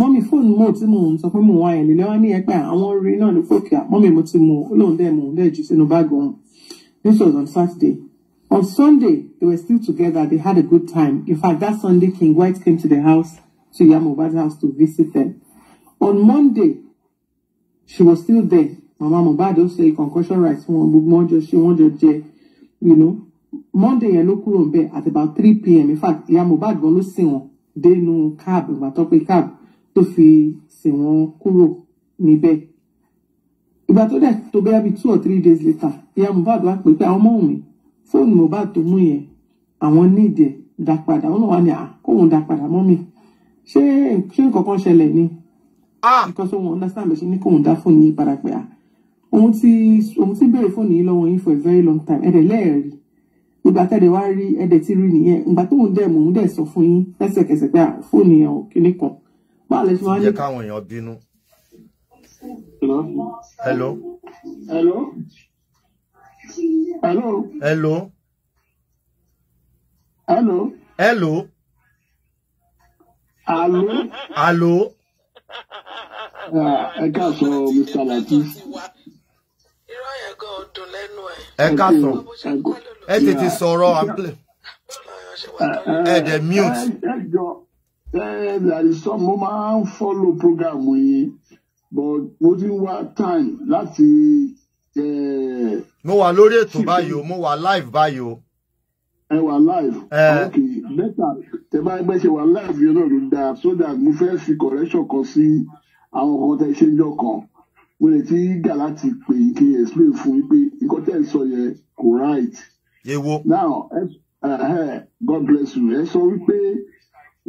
mọ́mí ah! fóònù mọ́ tí mo. ń sọ pé mò ń wá yẹn lélẹ́wọ́n ní ẹgbẹ́ àwọn orin náà ló fòkè mọ́mí mo ti mú un ó lóun dẹ́ mú un dẹ́ jù sínú báàgì òun this was on Saturday On Sunday, they were still together. They had a good time. In fact, that Sunday, King White came to the house, to Yamoba's house, to visit them. On Monday, she was still there. Mama Mohbad say concussion rice fún wọn gbogbo wọn jọ ṣe wọn jọ you know Monday I ló kúrò nbẹ at about three pm in fact Yamobad Mohbad gan ló sìn wọn dénú cab ìgbà tó pé cab to fi sìn wọn kúrò níbẹ̀ ìgbà tó to be bẹ́ẹ̀ two or three days later Yamobad Mohbad wá pè pé fóònù Mohbad tó mú yẹn àwọn níìdì ẹ̀ dá padà ó náà wà ní à kóun dá padà mọ́ mi ṣé ṣé nǹkan kan ṣẹlẹ̀ ni. because wọn understand bẹ́ẹ̀ ṣe ní kóun dá fóònù yìí padà pé à òun ti òun ti béèrè fóònù yìí lọ́wọ́ yín for a very long time ẹ̀dẹ̀ lẹ́ẹ̀rí ìgbà tẹ́lẹ̀ wá rí ẹ̀dẹ̀ tí rí nìyẹn ìgbà tóun dẹ̀ mò ń dẹ̀ sọ fún yín lẹ́sẹ̀kẹsẹ̀ pé fóònù yẹn ò kíní kan báà lẹ́sìn wá ní. jẹ́ káwọn èèyàn bínú. hello. hello. Hello. Hello. Hello. Hello. Hello. Hello. Ah, ẹ káàsán Mr. Latif. Irọ́ yẹn gan ọdún lẹ́nu ẹ̀. Ẹ káàsán. Ẹ tètè sọ̀rọ̀ àpilẹ̀. Ẹ dẹ̀ eh, eh, mute. Ẹ eh, jọ ẹ Larissa mo máa ń follow program yìí but mo ti ń wá time láti. Uh, mo wà lórí ètò báyìí o mo wà live báyìí o. ẹ wà live. ok bẹ́tà tẹ bá gbẹ́ ṣe wà live yẹn náà ló dáa so that mo fẹ́ fi correction kan sí àwọn kan tẹ ṣe ń jọ kan mo lè ti gà láti pè é kí n explain fún yín pé nǹkan tẹ̀ ń sọ yẹn kò right. yewo. now uh, God bless you ẹ sọ wípé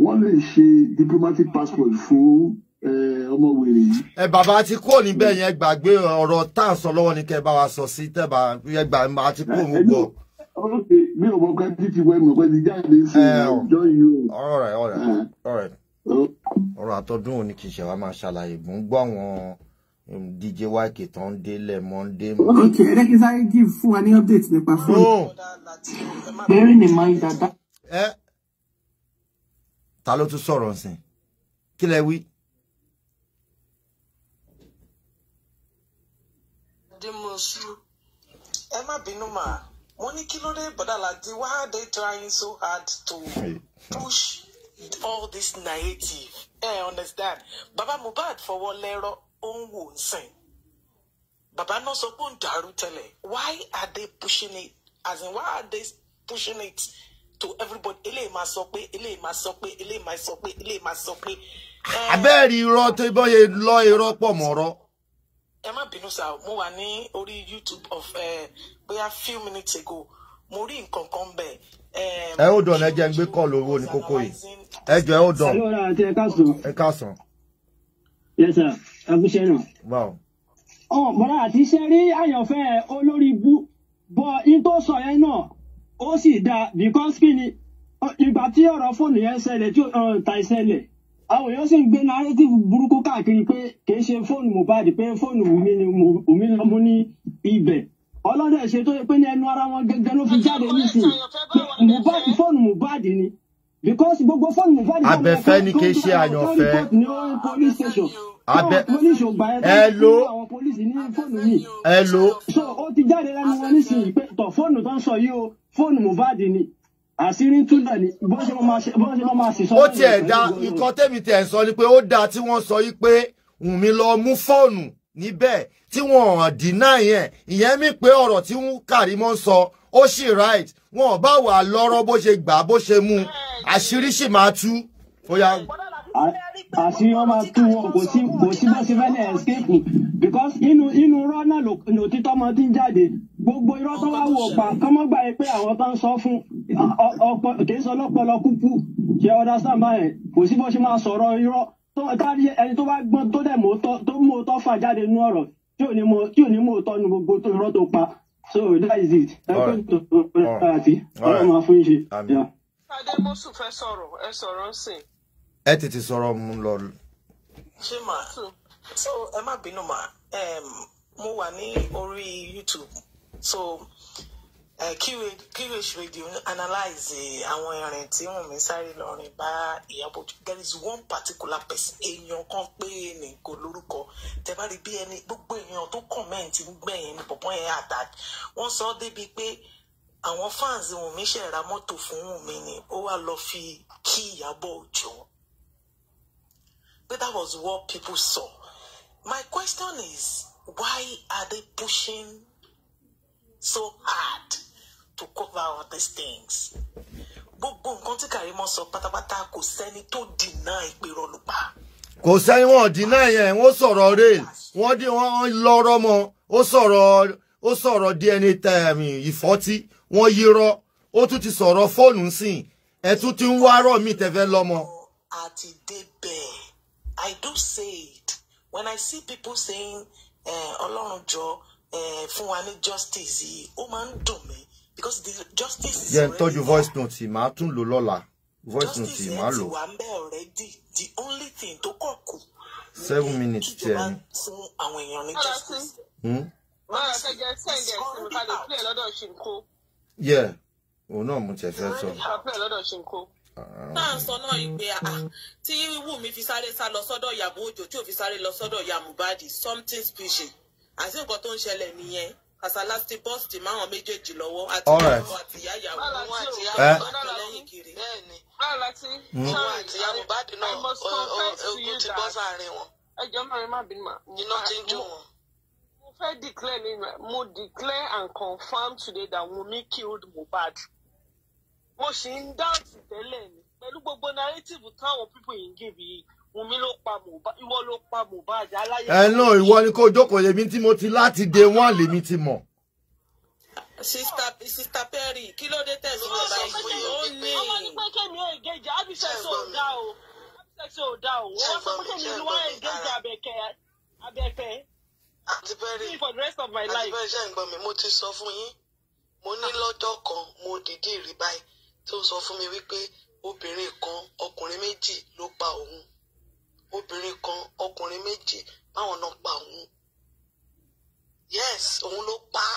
wọ́n lè ṣe diplomatic passport fún ọmọ wèrè yìí. ẹ bàbá ti kúrò níbẹ̀ yẹn gbàgbé ọ̀rọ̀ tá à sọ lọ́wọ́ ni kẹ́ bá wa sọ sí tẹ́ bá yẹn gbà máa ti kúrò mú bọ̀. mi ò mọ pé títí wẹ́ mi ò pé ti jáde sí ọjọ́ yìí o. ọ̀rẹ́ ọ̀rẹ́ ọ̀rẹ́ ọ̀rọ̀ àtọ́dún òní kì í ṣe wa máa ṣàlàyé mò ń gbọ́ àwọn um, DJ YK tó ń délẹ̀ Monday. ta ló tún sọ̀rọ̀ nsìn kí lẹ wí. ṣú ẹ má bínú mà mo ní kí ló dé Bọ̀dáládé why are they trying so hard to push all this narrative ẹ understand baba Mohbad fọwọ́ lẹ́rọ̀ ó ń wò ń sìn baba náà sọ pé ó ń dàrú tẹ́lẹ̀ why are they pushing it as in why are they pushing it to everybody eléyìí máa sọ pé eléyìí máa sọ pé eléyìí máa sọ pé eléyìí máa sọ pé. abẹ́rẹ́ irọ́ tó bọ́ yẹ lọ irọ́ pọ̀ mọ́rọ́ ẹ má bínú sá mo wà ní orí youtube of bóyá few minutes ago mo rí nǹkan kan bẹ̀. ẹ ó dàn ẹ jẹ́ ń gbé kọ́ọ̀lù owó ní kókó yìí ẹ jọ ẹ ó dàn ẹ káàsán. yes sir agunṣẹ́ náà. wow. ọ̀ àti ṣe rí àyànfẹ́ olórí bú bọ́ in tó sọ yẹn náà ó sì dáa because kí ni ìgbà tí ọ̀rọ̀ fóònù yẹn ṣẹlẹ̀ tí ó ìṣẹlẹ̀ àwọn èèyàn sì ń gbé narrative burúkú káàkiri pé kì í ṣe fóònù Mohbad pé fóònù Wùmí ni Wùmí lọ mú ní ibẹ̀ ọlọ́dẹ̀ ṣe tó yẹ pé ní ẹnu ara wọn gẹ́gẹ́ ló fi jáde nísìnyí Mohbad fóònù Mohbad ni because gbogbo fóònù Mohbad. abẹ́fẹ́ ni kì í ṣe àyànfẹ́. abẹ ẹ lo ẹ lo. so ó ti jáde lẹ́nu wọn nísìnyí pé tọ̀ fóònù tó ń sọ yìí o fóònù Mohbad ni àṣírí ń túnbẹ̀ ni bó ṣe mo máa ṣe bó ṣe mo máa ṣe sọ. ó tiẹ̀ da nǹkan tẹ́mi tẹ̀ ń sọ ni pé ó dáa tí wọ́n sọ yí pé Wùnmí lọ mú fóònù níbẹ̀ tí wọ́n hàn dínà yẹn ìyẹn mi pé ọ̀rọ̀ tí Kàrímọ́ ń sọ ó sì right wọn ò bá wà lọ́rọ̀ bó ṣe gbà bó ṣe mú àṣírí sì máa tú. àṣírí ọmọ tú wọn kò sí kò sí bó ṣe fẹ́lẹ̀ escape because inú inú rọ́nà lòtítọ́ ọmọ ti ń jáde gbogbo irọ́ tó wá wò pa kọ́mọ́gbà yìí pé àwọn tó ń sọ fún kì í kúkú ṣe ọ̀dà sáàmà ẹ̀ kò sí bó ṣe máa sọ̀rọ̀ irọ́ kárí ẹni tó bá gbọ́n tó dẹ̀ mú òótọ́ fà jáde nú ọ̀rọ̀ tí ò ní mú òótọ́ nu gbogbo irọ́ tó pa so that is it. ẹ kó tó ọ̀rọ̀ àti ọ̀rọ̀ máa fún ṣe. Adémọ́sù fẹ́ sọ̀rọ̀ ẹ sọ̀rọ̀ ń sìn. ẹ tètè sọ̀rọ̀ mú lọ. ṣé màá so ẹ má bínú màá mo wà ní orí YouTube so. QH eh, radio analyze eh, àwọn ìrìn tí wọ́n mi sáré lọ bá Ìyábọ̀ there is one particular person èèyàn kan pé ní kò lórúkọ tẹ bá rí bí ẹni gbogbo èèyàn tó kọ̀mẹ́ǹtì gbẹ̀yìn ní pọ̀pọ̀ yẹn attack wọ́n sọ ọ́ débi pé àwọn fans Wùnmí ṣe ra mọ́tò fún Wùnmí ni ó wá lọ fi kí Ìyábọ̀ Òjó but that was what people saw my question is why are they pushing so hard? to cover all these things gbogbo nǹkan tí Karimo sọ pátápátá kò sẹ́ni tó dìnnà ìpèrò olùpa. kò sẹ́ni wọ́n dìnnà yẹn wọ́n sọ̀rọ̀ rail wọ́n dí wọ́n lọ́rọ́ mọ́ ó sọ̀rọ̀ ó sọ̀rọ̀ DNA tẹ̀mí ìfọ́tí wọ́n yírọ́ ó tún ti sọ̀rọ̀ fóònù sìn ẹ̀ tún ti ń wárọ̀ mi tẹ̀fẹ́ lọ́mọ. àti débẹ̀ I do say it when I see people saying eh, ọlọ́run jọ eh, fún wa ní justice yìí ó máa ń dùn mí because the justice is yeah, already there. jẹ́ ń tọ́jú voice note yìí máa tún lò lọ́la voice note yìí máa lò. justice yẹn ti wà ń bẹ̀ already the only thing tó kọ̀ kù. seven minutes tiẹ̀ ni. fún àwọn èèyàn ní justice. máa ṣẹjẹ sẹ́ǹdẹ̀ sí ká lè play lọ́dọ̀ ṣìnkó. yẹ òun náà mo tiẹ̀ fẹ́ sọ. ká play lọ́dọ̀ ṣìnkó náà ah. sọ náà ìpè àá ah, tí Wùmí fi sáré sá lọ sọ́dọ̀ ìyá Òjó tí ò fi sáré lọ sọ́dọ̀ ìyá Mohbad something fishy àti nǹkan tó ń ṣẹlẹ̀ nìyẹn kasala ti bọ́ọ̀sì máwọn méjèèjì lọ́wọ́ àti ìyàwó eh? àti ìyàwó wọn àti ìyàwó àti lẹ́yìn kiri. bẹ́ẹ̀ni hmm. wọn àti ìyàwó bá dènà ogun ti bọ́ sáàrin wọn. ẹ jọ máa rí má bínú ma. iná ti ń jó wọn. mo fẹ́ declare ni mo declare and confirm today that Wunmi killed Mohbad. mo sì ń dáhùn tẹ́lẹ̀ ni pẹ̀lú gbogbo narrative táwọn people yìí ń gèbè Wùmí ló pa Mohbad ìwọ ló pa Mohbad aláyé. ẹ náà ìwọ ni kò jókòó lèmi tí mo ti láti dé wọn lèmi ti mọ̀. sista Perry kí ló dé tẹ̀sán ọ̀la ìwé ó ní. ọmọ ní pé kémi ò ègéjì abisẹ́sì ò dá o abisẹ́sì ò dá o wọ́n sọ pé kémi ni wọ́n ègéjì abẹ́kẹ́ abẹ́fẹ́. àti for the rest of my life. àti bẹ́ẹ̀rì mi mo ti sọ fún yín mo ní lọ́jọ́ kan mo dìde rí tó sọ fún mi wípé obìnrin kan ọkùnrin méjì ló pa òun obìnrin kan ọkùnrin méjì báwọn náà pa òun yes òun ló pa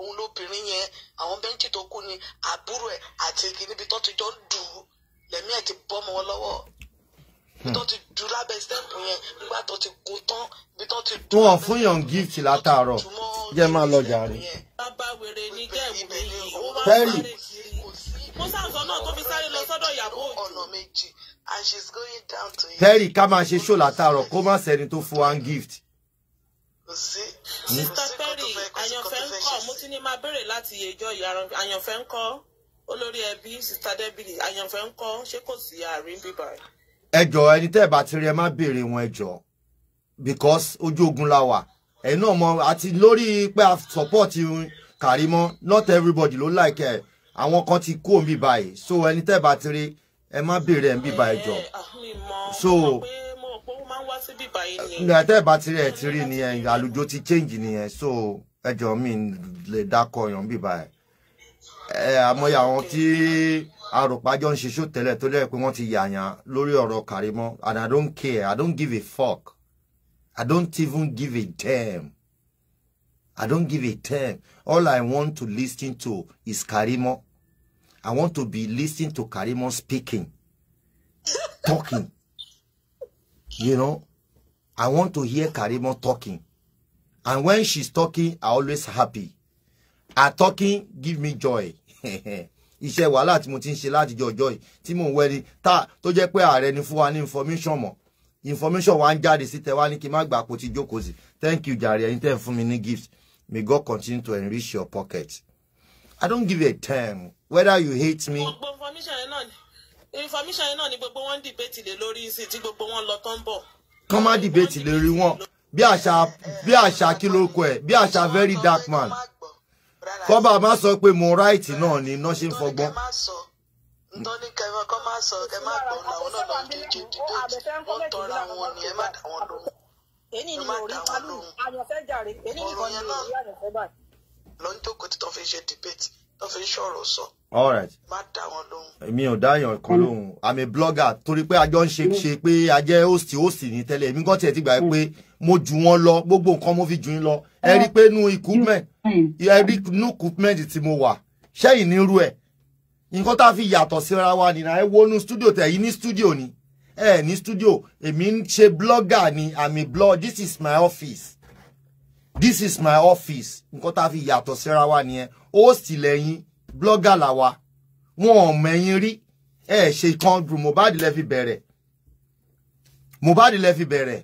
òun lóbìnrin yẹn àwọn méjì tó kú ni àbúrò ẹ̀ àti igi níbi tó ti jọ ń dùn ún lẹ́mí ẹ̀ ti bọ́ ọmọ wọn lọ́wọ́ ibi tó ti dùn lábẹ́ sẹ́ǹpù yẹn nígbà tó ti kú tán ibi tó ti dùn. wọn fún yàn gift látàárọ̀ jẹ máa lọ jàre. bàbá wèrè ní gẹ̀ẹ́gùn mi ò wá sáré kiri kò sí. mo sáà sọ náà tó fi sáré lọ sọ́dọ̀ ìyàwó òjò. ọ̀nà méjì and she's going down to him. Terry ká máa ṣe ṣó látàárọ̀ kó má sẹ́ni tó fún one gift. kò sí. Sister Terry àyànfẹ́ ń kọ́ mo ti ní máa béèrè láti ìyẹjọ́ ìyá àyànfẹ́ ń kọ́ olórí ẹbí Sister Debiri àyànfẹ́ ń kọ́ ṣé kò sí àárín bíbá rẹ̀. ẹ jọ̀ọ́ ẹni tẹ́ ẹ bá ti rí ẹ má béèrè wọn ẹ jọ̀ọ́ because ojú ogun la wà ẹ̀yin náà mọ àti lórí pé a support Karimo not everybody ló like ẹ àwọn kan ti kú òun bíbá yìí so ẹni tẹ́ ẹ bá ti rí ẹ má béèrè ẹ̀ ń bíbá ẹ jọ so nàìjíríà bá ti rí ẹ ti rí nìyẹn àlùjọ ti change nìyẹn so ẹ jọ mi lè dákọ yàn bíbá ẹ ẹ àmọye àwọn tí arọpájọ ń ṣiṣú tẹ́lẹ̀ tó lẹ́yìn pé wọ́n ti yàyàn lórí ọ̀rọ̀ Karimo and I don't care I don't give a fuck I don't even give a damn I don't give a damn all I want to listen to is Karimo. I want to be listening to Karimon speaking, talking. You know, I want to hear Karimon talking. And when she's talking, I always happy. Her talking give me joy. Iṣẹ́ wàhálà tí mo ti ń ṣe láti jọjọ́ yìí tí mò ń wẹ́ni tá tó jẹ́ pé ààrẹ ni fún wa ní information mọ̀ information wa ń jáde sí tẹ wá ní kí n má gbà kó jókòó sí thank you jàre ẹ̀yin tẹ́ ń fún mi ní gift may God continue to enrich your pocket. I don't give a damn whether you hate me. gbogbo information yẹn náà ni information yẹn náà ni gbogbo wọn debate lé lórí sí tí gbogbo wọn lọ tó ń bọ̀. kán má debate lórí wọn bí àṣà bí àṣà kí ló kọ ẹ bí àṣà very dark man kọ́ba má sọ pé mo right náà ni iná ṣe ń fọgbọ́n ntọ́ni kẹfẹ́ kọ́ máa sọ ẹ má gbọ́n làwọn náà lọ kí jù dìbẹ́tì wọ́n tọ́ra wọn ni ẹ má dà wọ́n lóhùn. èyí ni mo rí palu àyànfẹ́ jàre èyí nìkan ni mo rí àyànfẹ́ báyìí lọ tí tó fi ṣe debate tó fi ṣọ̀rọ̀ sọ. all right má dá wọn lóhùn. èmi ò dáyàn kan lóhùn i'm a blogger torí pé a jọ ń ṣe ṣe pé a jẹ́ host host ní tẹ́lẹ̀ èmi gan tiẹ̀ ti gbà pé mo jù wọ́n lọ gbogbo nǹkan mo fi jù yín lọ ẹ rí i pé nu equipment ẹ rí nu equipment tí mo wà ṣẹ́yìn nírú ẹ̀ nǹkan tá a fi yàtọ̀ síra wa nìyà ẹ wọnú studio tẹ̀ yín ní studio ni ẹ ní studio èmi ń ṣe blogger ni I'm a blog this is my office this is my office nǹkan tá a fi yàtọ̀ síra wa nìyẹn host lẹ́yìn blogger làwa wọn ò mẹ́yìn rí ẹ̀ ṣe kan dùn Mohbad lẹ́ fi bẹ̀rẹ̀ Mohbad lẹ́ fi bẹ̀rẹ̀.